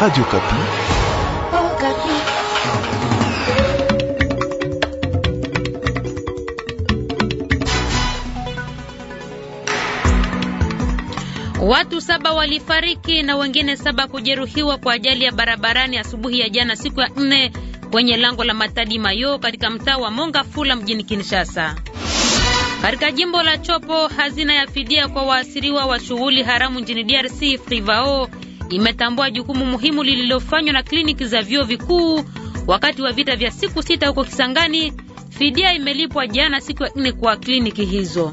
Radio Kapi. Oh, Kapi. Watu saba walifariki na wengine saba kujeruhiwa kwa ajali ya barabarani asubuhi ya jana siku ya nne kwenye lango la Matadi Mayo katika mtaa wa Monga Fula mjini Kinshasa. Katika jimbo la Chopo, hazina ya fidia kwa waasiriwa wa shughuli haramu nchini DRC Frivao imetambua jukumu muhimu lililofanywa na kliniki za vyuo vikuu wakati wa vita vya siku sita huko Kisangani. Fidia imelipwa jana siku ya nne kwa kliniki hizo.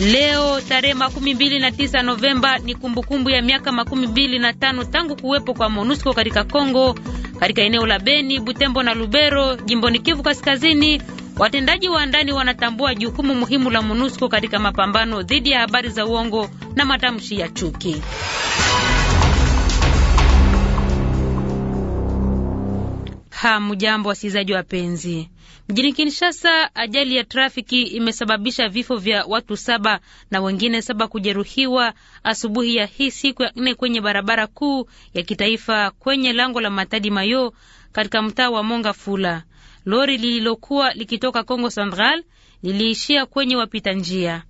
Leo tarehe makumi mbili na tisa Novemba ni kumbukumbu ya miaka makumi mbili na tano tangu kuwepo kwa MONUSCO katika Kongo, katika eneo la Beni, Butembo na Lubero jimboni Kivu Kaskazini. Watendaji wa ndani wanatambua jukumu muhimu la MONUSCO katika mapambano dhidi ya habari za uongo na matamshi ya chuki. Hamjambo wasikilizaji wapenzi. Mjini Kinshasa, ajali ya trafiki imesababisha vifo vya watu saba na wengine saba kujeruhiwa asubuhi ya hii siku ya nne kwenye barabara kuu ya kitaifa kwenye lango la Matadi Mayo katika mtaa wa Monga Fula. Lori lililokuwa likitoka congo Central liliishia kwenye wapita njia.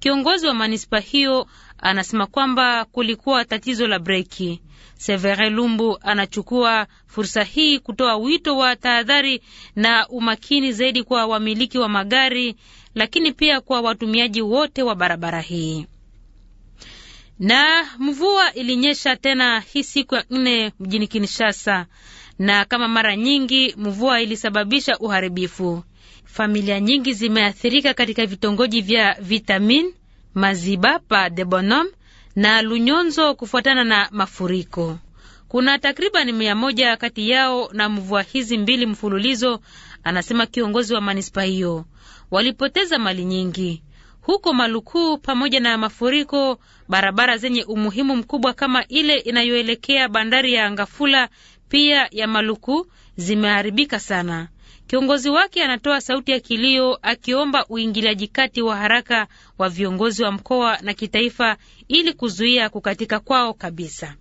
Kiongozi wa manispa hiyo anasema kwamba kulikuwa tatizo la breki. Severe Lumbu anachukua fursa hii kutoa wito wa tahadhari na umakini zaidi kwa wamiliki wa magari, lakini pia kwa watumiaji wote wa barabara hii. Na mvua ilinyesha tena hii siku ya nne mjini Kinshasa, na kama mara nyingi mvua ilisababisha uharibifu. Familia nyingi zimeathirika katika vitongoji vya Vitamin, Mazibapa de Bonhomme na Lunyonzo kufuatana na mafuriko. Kuna takriban mia moja kati yao na mvua hizi mbili mfululizo, anasema kiongozi wa manispa hiyo. Walipoteza mali nyingi huko Maluku. Pamoja na mafuriko, barabara zenye umuhimu mkubwa kama ile inayoelekea bandari ya Ngafula pia ya Maluku zimeharibika sana. Kiongozi wake anatoa sauti ya kilio akiomba uingiliaji kati wa haraka wa viongozi wa mkoa na kitaifa ili kuzuia kukatika kwao kabisa.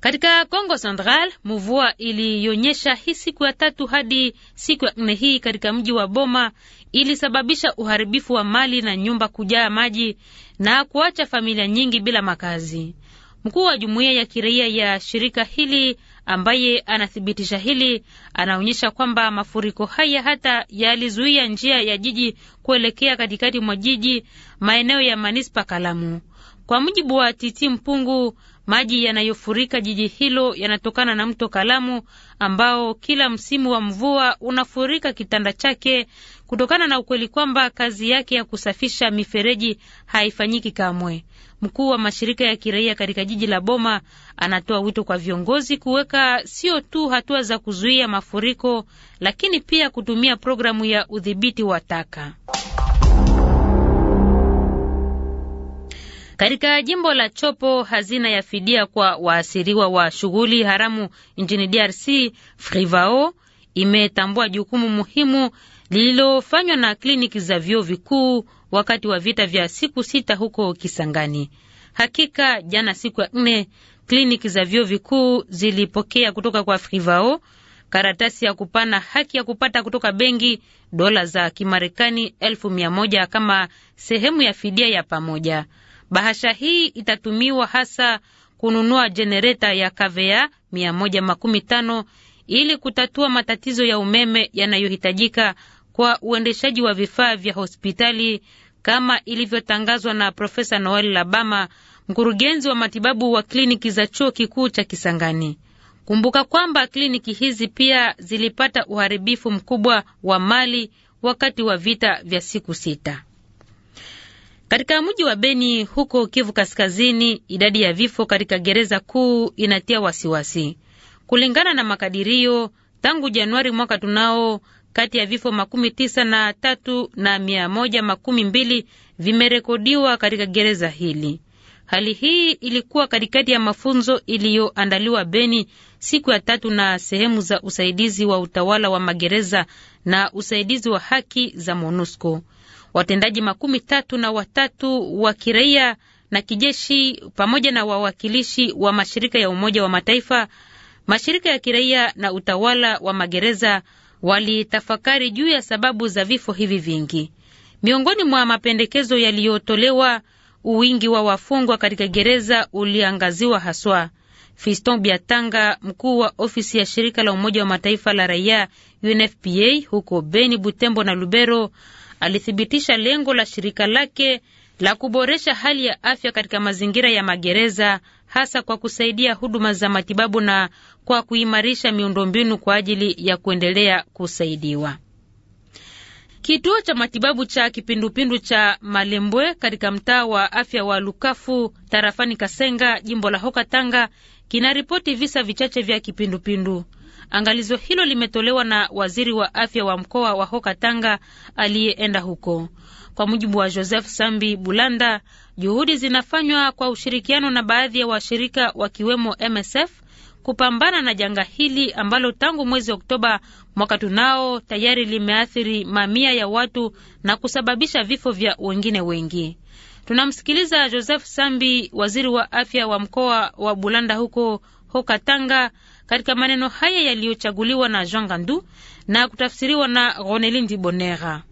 Katika congo Central mvua iliyonyesha hii siku ya tatu hadi siku ya nne hii katika mji wa Boma ilisababisha uharibifu wa mali na nyumba kujaa maji na kuacha familia nyingi bila makazi. Mkuu wa jumuiya ya kiraia ya shirika hili ambaye anathibitisha hili anaonyesha kwamba mafuriko haya hata yalizuia njia ya jiji kuelekea katikati mwa jiji, maeneo ya manispa Kalamu. Kwa mujibu wa Titi Mpungu, maji yanayofurika jiji hilo yanatokana na mto Kalamu ambao kila msimu wa mvua unafurika kitanda chake kutokana na ukweli kwamba kazi yake ya kusafisha mifereji haifanyiki kamwe. Mkuu wa mashirika ya kiraia katika jiji la Boma anatoa wito kwa viongozi kuweka sio tu hatua za kuzuia mafuriko, lakini pia kutumia programu ya udhibiti wa taka. Katika jimbo la Chopo, hazina ya fidia kwa waasiriwa wa shughuli haramu nchini DRC Frivao imetambua jukumu muhimu lililofanywa na kliniki za vyuo vikuu wakati wa vita vya siku sita huko Kisangani. Hakika jana siku ya nne, kliniki za vyuo vikuu zilipokea kutoka kwa Frivao karatasi ya kupana haki ya kupata kutoka benki dola za Kimarekani elfu mia moja kama sehemu ya fidia ya pamoja. Bahasha hii itatumiwa hasa kununua jenereta ya kavea 115 ili kutatua matatizo ya umeme yanayohitajika kwa uendeshaji wa vifaa vya hospitali kama ilivyotangazwa na Profesa Noel Labama, mkurugenzi wa matibabu wa kliniki za chuo kikuu cha Kisangani. Kumbuka kwamba kliniki hizi pia zilipata uharibifu mkubwa wa mali wakati wa vita vya siku sita. Katika mji wa Beni huko Kivu Kaskazini, idadi ya vifo katika gereza kuu inatia wasiwasi. Kulingana na makadirio, tangu Januari mwaka tunao kati ya vifo makumi tisa na tatu na mia moja makumi mbili vimerekodiwa katika gereza hili. Hali hii ilikuwa katikati ya mafunzo iliyoandaliwa Beni siku ya tatu na sehemu za usaidizi wa utawala wa magereza na usaidizi wa haki za MONUSCO watendaji makumi tatu na watatu wa kiraia na kijeshi pamoja na wawakilishi wa mashirika ya Umoja wa Mataifa, mashirika ya kiraia na utawala wa magereza walitafakari juu ya sababu za vifo hivi vingi. Miongoni mwa mapendekezo yaliyotolewa, uwingi wa wafungwa katika gereza uliangaziwa haswa. Fiston Biatanga, mkuu wa ofisi ya shirika la Umoja wa Mataifa la raia UNFPA huko Beni, Butembo na Lubero alithibitisha lengo la shirika lake la kuboresha hali ya afya katika mazingira ya magereza hasa kwa kusaidia huduma za matibabu na kwa kuimarisha miundombinu kwa ajili ya kuendelea kusaidiwa. Kituo cha matibabu cha kipindupindu cha Malembwe katika mtaa wa afya wa Lukafu tarafani Kasenga, jimbo la Hoka Tanga kinaripoti visa vichache vya kipindupindu. Angalizo hilo limetolewa na waziri wa afya wa mkoa wa Hoka Tanga aliyeenda huko. Kwa mujibu wa Joseph Sambi Bulanda, juhudi zinafanywa kwa ushirikiano na baadhi ya wa washirika wakiwemo MSF kupambana na janga hili ambalo tangu mwezi Oktoba mwaka tunao tayari limeathiri mamia ya watu na kusababisha vifo vya wengine wengi. Tunamsikiliza Joseph Sambi, waziri wa afya wa mkoa wa Bulanda huko Hoka Tanga katika maneno haya yaliyochaguliwa na Jean Gandu na kutafsiriwa na Ronelindi Bonera.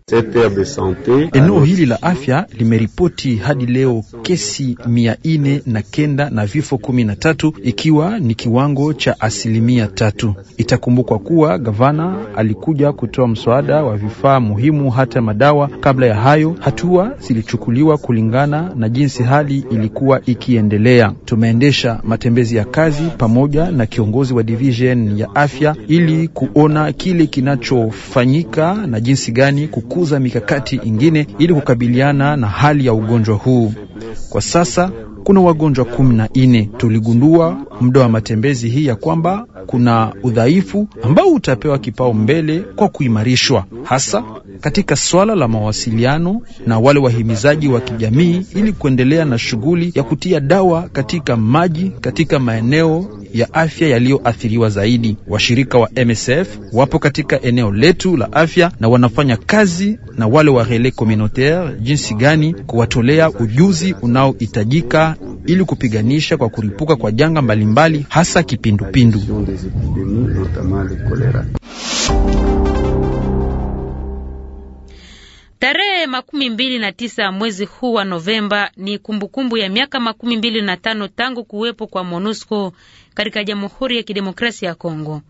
Eneo hili la afya limeripoti hadi leo kesi mia nne na kenda na vifo kumi na tatu ikiwa ni kiwango cha asilimia tatu. Itakumbukwa kuwa gavana alikuja kutoa msaada wa vifaa muhimu hata madawa. Kabla ya hayo, hatua zilichukuliwa kulingana na jinsi hali ilikuwa ikiendelea. Tumeendesha matembezi ya kazi pamoja na kiongozi wa division ya afya ili kuona kile kinachofanyika na jinsi gani kuku kukuza mikakati ingine ili kukabiliana na hali ya ugonjwa huu. Kwa sasa kuna wagonjwa kumi na nne. Tuligundua muda wa matembezi hii ya kwamba kuna udhaifu ambao utapewa kipao mbele kwa kuimarishwa, hasa katika swala la mawasiliano na wale wahimizaji wa kijamii, ili kuendelea na shughuli ya kutia dawa katika maji katika maeneo ya afya yaliyoathiriwa zaidi. Washirika wa MSF wapo katika eneo letu la afya na wanafanya kazi na wale wa rele communautaire jinsi gani kuwatolea ujuzi unaohitajika ili kupiganisha kwa kuripuka kwa janga mbalimbali mbali, hasa kipindupindu. Tarehe makumi mbili na tisa mwezi huu wa Novemba ni kumbukumbu ya miaka makumi mbili na tano tangu kuwepo kwa MONUSCO katika Jamhuri ya Kidemokrasia ya Kongo.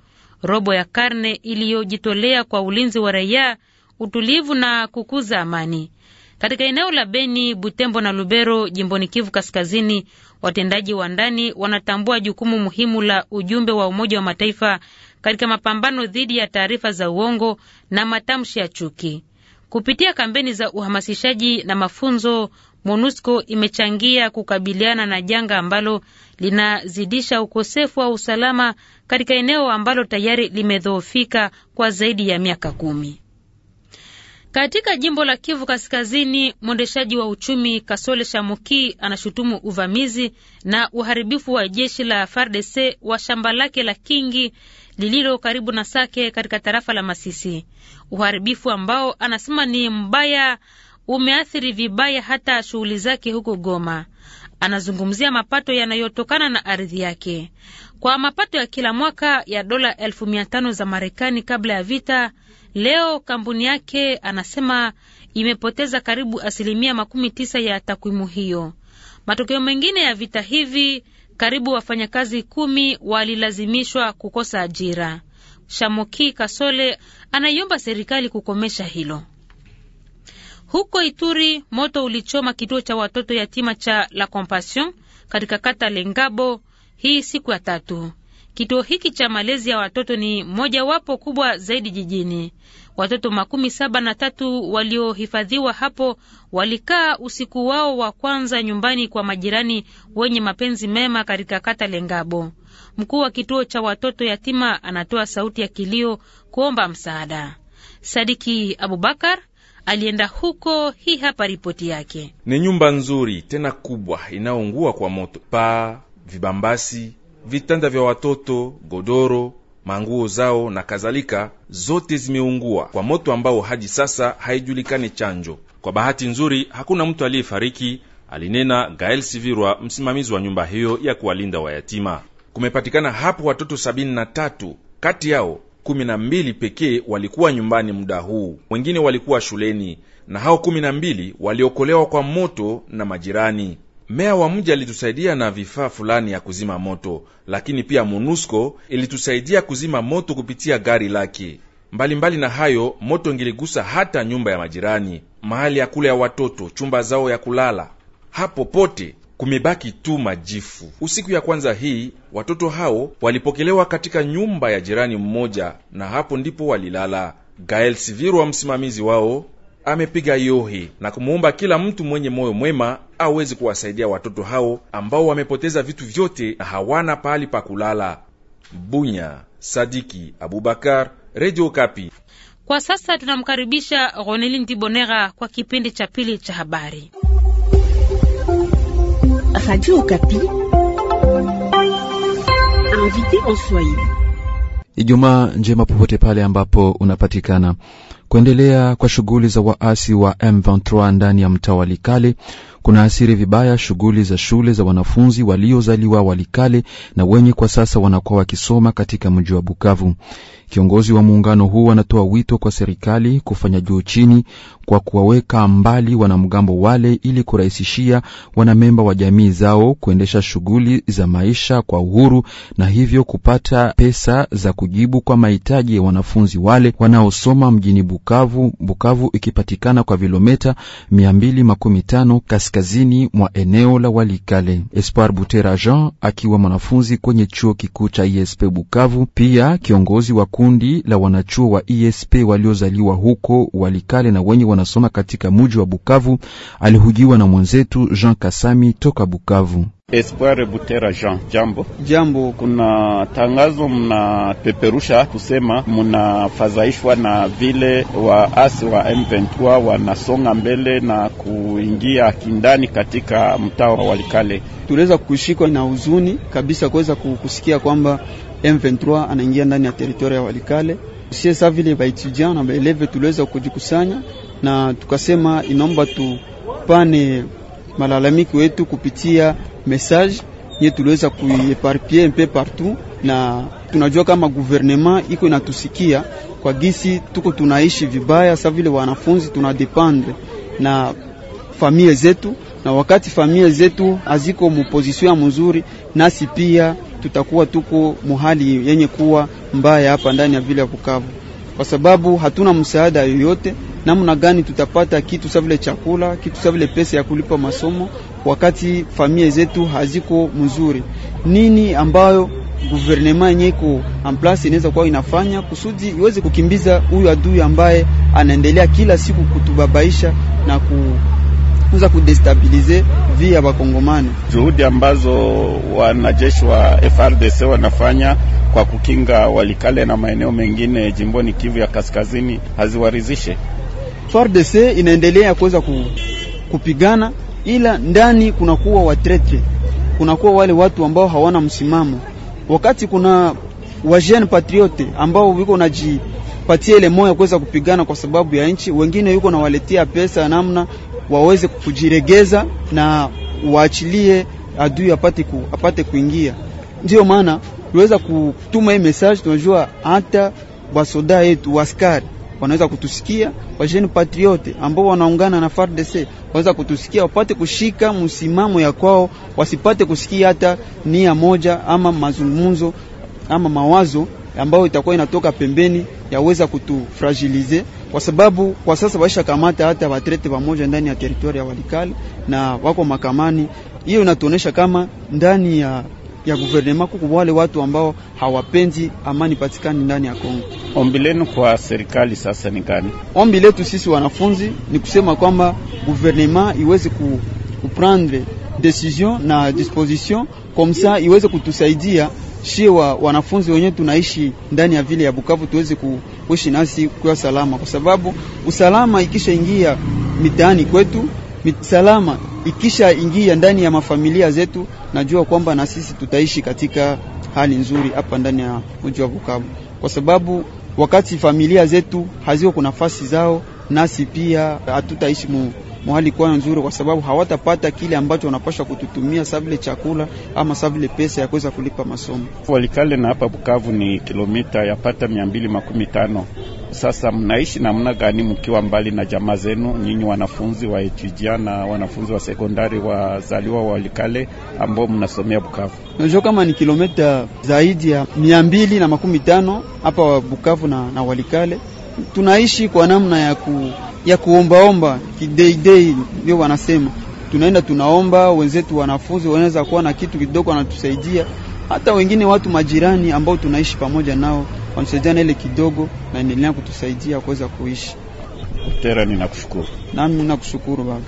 Robo ya karne iliyojitolea kwa ulinzi wa raia, utulivu na kukuza amani katika eneo la Beni, Butembo na Lubero jimboni Kivu Kaskazini. Watendaji wa ndani wanatambua jukumu muhimu la ujumbe wa Umoja wa Mataifa katika mapambano dhidi ya taarifa za uongo na matamshi ya chuki kupitia kampeni za uhamasishaji na mafunzo. MONUSCO imechangia kukabiliana na janga ambalo linazidisha ukosefu wa usalama katika eneo ambalo tayari limedhoofika kwa zaidi ya miaka kumi. Katika jimbo la Kivu Kaskazini, mwendeshaji wa uchumi Kasole Shamuki anashutumu uvamizi na uharibifu wa jeshi la FARDC wa shamba lake la Kingi lililo karibu na Sake katika tarafa la Masisi, uharibifu ambao anasema ni mbaya umeathiri vibaya hata shughuli zake huko Goma. Anazungumzia mapato yanayotokana na ardhi yake. Kwa mapato ya kila mwaka ya dola elfu mia tano za Marekani kabla ya vita, leo kampuni yake anasema imepoteza karibu asilimia makumi tisa ya takwimu hiyo. Matokeo mengine ya vita hivi, karibu wafanyakazi kumi walilazimishwa kukosa ajira. Shamoki Kasole anaiomba serikali kukomesha hilo. Huko Ituri, moto ulichoma kituo cha watoto yatima cha La Compassion katika kata Lengabo hii siku ya tatu. Kituo hiki cha malezi ya watoto ni mojawapo kubwa zaidi jijini. Watoto makumi saba na tatu waliohifadhiwa hapo walikaa usiku wao wa kwanza nyumbani kwa majirani wenye mapenzi mema katika kata Lengabo. Mkuu wa kituo cha watoto yatima anatoa sauti ya kilio kuomba msaada. Sadiki Abubakar alienda huko. Hii hapa ripoti yake. Ni nyumba nzuri tena kubwa inayoungua kwa moto, paa, vibambasi, vitanda vya watoto, godoro manguo zao na kadhalika, zote zimeungua kwa moto ambao hadi sasa haijulikani chanjo. Kwa bahati nzuri, hakuna mtu aliyefariki, alinena Gael Sivirwa, msimamizi wa nyumba hiyo ya kuwalinda wayatima. Kumepatikana hapo watoto 73 kati yao kumi na mbili pekee walikuwa nyumbani muda huu, wengine walikuwa shuleni, na hao kumi na mbili waliokolewa kwa moto na majirani. Meya wa mji alitusaidia na vifaa fulani ya kuzima moto, lakini pia MONUSCO ilitusaidia kuzima moto kupitia gari lake. Mbalimbali na hayo, moto ingiligusa hata nyumba ya majirani, mahali ya kula ya watoto, chumba zao ya kulala. Hapo pote kumebaki tu majifu. Usiku ya kwanza hii watoto hao walipokelewa katika nyumba ya jirani mmoja, na hapo ndipo walilala. Gael Sivirwa, msimamizi wao, amepiga yohi na kumuomba kila mtu mwenye moyo mwema aweze kuwasaidia watoto hao ambao wamepoteza vitu vyote na hawana pahali pa kulala. Bunya, Sadiki Abubakar, Radio Kapi. Kwa sasa tunamkaribisha Ronelin Tibonera kwa kipindi cha pili cha habari. Radio Okapi. Invité en Swahili. Ijumaa njema popote pale ambapo unapatikana. Kuendelea kwa shughuli za waasi wa M23 ndani ya mtaa wa Likale kuna asiri vibaya shughuli za shule za wanafunzi waliozaliwa Walikale na wenye kwa sasa wanakuwa wakisoma katika mji wa Bukavu. Kiongozi wa muungano huu anatoa wito kwa serikali kufanya juu chini kwa kuwaweka mbali wanamgambo wale ili kurahisishia wanamemba wa jamii zao kuendesha shughuli za maisha kwa uhuru na hivyo kupata pesa za kujibu kwa mahitaji ya wanafunzi wale wanaosoma mjini Bukavu, Bukavu ikipatikana kwa vilometa 215 kaskazini mwa eneo la Walikale. Espoir Butera Jean akiwa mwanafunzi kwenye chuo kikuu cha ISP Bukavu, pia kiongozi wa kundi la wanachuo wa ESP waliozaliwa huko Walikale na wenye wanasoma katika muji wa Bukavu. Alihujiwa na mwenzetu Jean Kasami toka Bukavu. Espoir Butera Jean, jambo jambo. Kuna tangazo mnapeperusha kusema mnafadhaishwa na vile waasi wa M23 wanasonga mbele na kuingia kindani katika mtaa wa Walikale. Tuliweza kushikwa na huzuni kabisa kuweza kusikia kwamba M23 anaingia ndani ya teritoria ya Walikale. Sie sa vile baetudiant na baeleve tuliweza kujikusanya na tukasema inaomba tupane malalamiki wetu kupitia message nye tuliweza kuieparpie mpe partout, na tunajua kama guvernema iko inatusikia kwa gisi tuko tunaishi vibaya. Sa vile wanafunzi tunadependre na familia zetu, na wakati familia zetu haziko muposisio ya mzuri, nasi pia tutakuwa tuko muhali yenye kuwa mbaya hapa ndani ya vile ya Bukavu, kwa sababu hatuna msaada yoyote. Namna gani tutapata kitu sa vile chakula, kitu sa vile pesa ya kulipa masomo, wakati familia zetu haziko mzuri? Nini ambayo guvernema yenye iko en place inaweza kuwa inafanya kusudi iweze kukimbiza huyu adui ambaye anaendelea kila siku kutubabaisha na kuza kudestabilize vi ya Wakongomani. Juhudi ambazo wanajeshi wa FRDC wanafanya kwa kukinga Walikale na maeneo mengine jimboni Kivu ya kaskazini haziwaridhishe. FRDC inaendelea kuweza kupigana, ila ndani kunakuwa watrete, kunakuwa wale watu ambao hawana msimamo, wakati kuna wajene patriote ambao wiko najipatia ile moyo kuweza kupigana kwa sababu ya nchi, wengine yuko nawaletea pesa namna waweze kujiregeza na waachilie adui apate, ku, apate kuingia. Ndiyo maana tuweza kutuma hii message. Tunajua hata wasoda yetu waskari wanaweza kutusikia, wajeni patriote ambao wanaungana na FARDC waweza kutusikia, wapate kushika msimamo ya kwao, wasipate kusikia hata nia moja ama mazungumzo ama mawazo ambayo itakuwa inatoka pembeni yaweza kutufragilize kwa sababu kwa sasa waisha kamata hata watrete pamoja ndani ya teritwari ya Walikale na wako makamani. Hiyo inatuonesha kama ndani ya ya guvernema kuko wale watu ambao hawapendi amani patikani ndani ya Kongo. Ombi lenu kwa serikali sasa ni gani? Ombi letu sisi wanafunzi ni kusema kwamba guvernema iweze ku, kuprendre decision na disposition komsa iweze kutusaidia shie wa, wanafunzi wenyewe tunaishi ndani ya vile ya Bukavu tuweze ku kuishi nasi kwa salama, kwa sababu usalama ikishaingia mitaani kwetu, ikisha ikishaingia ndani ya mafamilia zetu, najua kwamba na sisi tutaishi katika hali nzuri hapa ndani ya mji wa Bukavu, kwa sababu wakati familia zetu haziko kuna nafasi zao, nasi pia hatutaishi mwali kwa nzuri, kwa sababu hawatapata kile ambacho wanapasha kututumia savile chakula ama savile pesa ya kuweza kulipa masomo. Walikale na hapa Bukavu ni kilomita yapata mia mbili makumi tano. Sasa mnaishi namna gani mkiwa mbali na jamaa zenu, nyinyi wanafunzi wa etujia na wanafunzi wa sekondari wazaliwa wa Walikale ambao mnasomea Bukavu? Unajua kama ni kilomita zaidi ya mia mbili na makumi tano hapa Bukavu na, na Walikale tunaishi kwa namna ya, ku, ya kuombaomba kideidei, ndio wanasema tunaenda tunaomba, wenzetu wanafunzi wanaweza kuwa na kitu kidogo wanatusaidia, hata wengine watu majirani ambao tunaishi pamoja nao wanatusaidia na ile kidogo, na endelea kutusaidia kuweza kuishi. Tera, ninakushukuru. Nami ninakushukuru baba.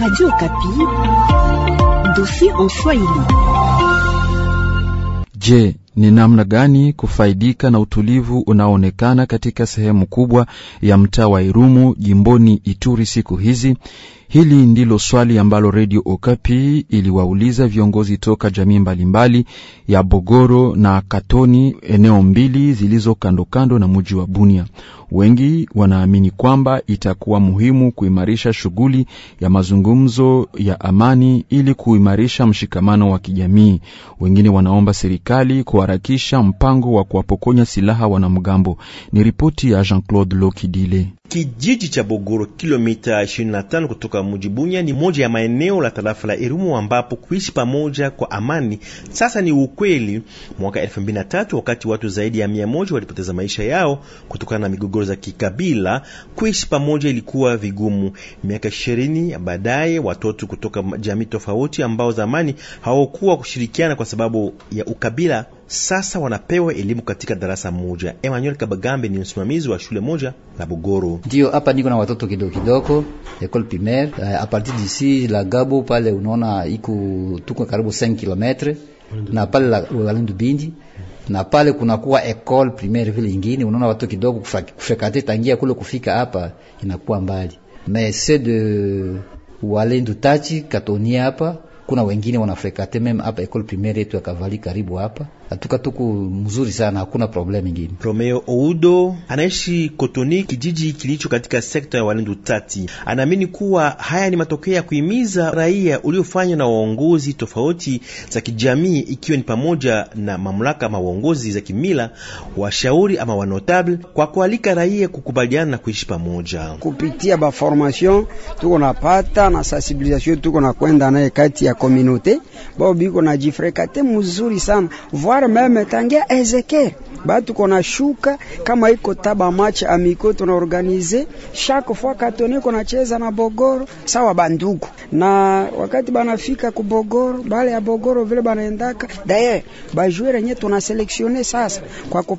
Radio Kapi, dossier en Swahili. Je, ni namna gani kufaidika na utulivu unaoonekana katika sehemu kubwa ya mtaa wa Irumu jimboni Ituri siku hizi Hili ndilo swali ambalo Redio Okapi iliwauliza viongozi toka jamii mbalimbali mbali ya Bogoro na Katoni, eneo mbili zilizo kando kando na mji wa Bunia. Wengi wanaamini kwamba itakuwa muhimu kuimarisha shughuli ya mazungumzo ya amani ili kuimarisha mshikamano wa kijamii. Wengine wanaomba serikali kuharakisha mpango wa kuwapokonya silaha wanamgambo. Ni ripoti ya Jean-Claude Lokidile. Kijiji cha Bogoro kilomita 25 kutoka mji Bunya ni moja ya maeneo la tarafa la Irumu ambapo kuishi pamoja kwa amani sasa ni ukweli. Mwaka 2003 wakati watu zaidi ya 100 walipoteza maisha yao kutokana na migogoro za kikabila, kuishi pamoja ilikuwa vigumu. Miaka 20 baadaye, watoto kutoka jamii tofauti ambao zamani hawakuwa kushirikiana kwa sababu ya ukabila sasa wanapewa elimu katika darasa moja. Emmanuel Kabagambe ni msimamizi wa shule moja la Bugoro. Ndio hapa niko na watoto kidogo kidogo ecole primaire a eh, partir d'ici la Gabo pale, unaona iko tuko karibu 5 km na pale la Walindu Bindi na pale kuna kuwa ecole primaire vile ingine, unaona watoto kidogo kufrekante tangia kule kufika hapa inakuwa mbali mais c'est de Walindu Tachi Katoni hapa kuna wengine wanafrekante meme hapa ecole primaire yetu ya Kavali karibu hapa atuka tuku mzuri sana, hakuna problem ingine. Romeo Oudo anaishi Kotoni, kijiji kilicho katika sekta ya Walendu Tati, anaamini kuwa haya ni matokeo ya kuhimiza raia uliofanywa na waongozi tofauti za kijamii, ikiwa ni pamoja na mamlaka ama waongozi za kimila, washauri ama wanotable, kwa kualika raia kukubaliana na kuishi pamoja kupitia ba formation tuko napata na sensibilisation tuko nakwenda naye kati ya komunote bao biko na jifrekate mzuri sana Vua par meme tangia Ezekiel batu kona shuka kama iko taba match amiko tuna organize chaque fois katoni kona cheza na Bogoro sawa bandugu, na wakati banafika ku Bogoro bale ya Bogoro vile banaendaka daye jouer yenye tuna selectionner sasa kwa ku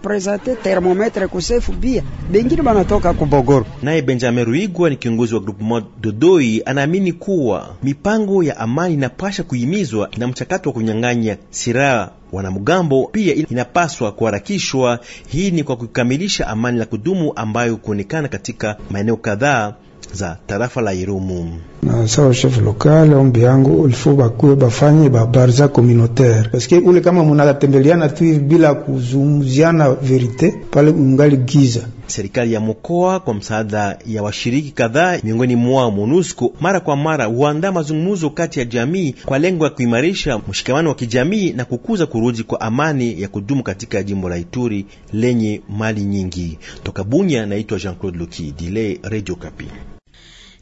thermomètre ku sefu bia bengine banatoka ku Bogoro. Naye Benjamin Ruigwa ni kiongozi wa groupement Dodoi, anaamini kuwa mipango ya amani inapasha kuhimizwa na mchakato wa kunyang'anya silaha wanamgambo pia inapaswa kuharakishwa. Hii ni kwa kukamilisha amani la kudumu ambayo kuonekana katika maeneo kadhaa za tarafa la Irumu na sawa chef local, ombi yangu ulifo bakuwe bafanye babarza communautaire parce que ule kama mnatembeleana tu bila kuzungumziana verite pale ungali giza Serikali ya mkoa kwa msaada ya washiriki kadhaa miongoni mwa MONUSCO mara kwa mara huandaa mazungumzo kati ya jamii kwa lengo ya kuimarisha mshikamano wa kijamii na kukuza kurudi kwa amani ya kudumu katika jimbo la Ituri lenye mali nyingi. Toka Bunya, naitwa Jean-Claude Luki Dile, Radio Kapi.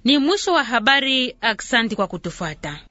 Ni mwisho wa habari. Aksanti kwa kutufuata.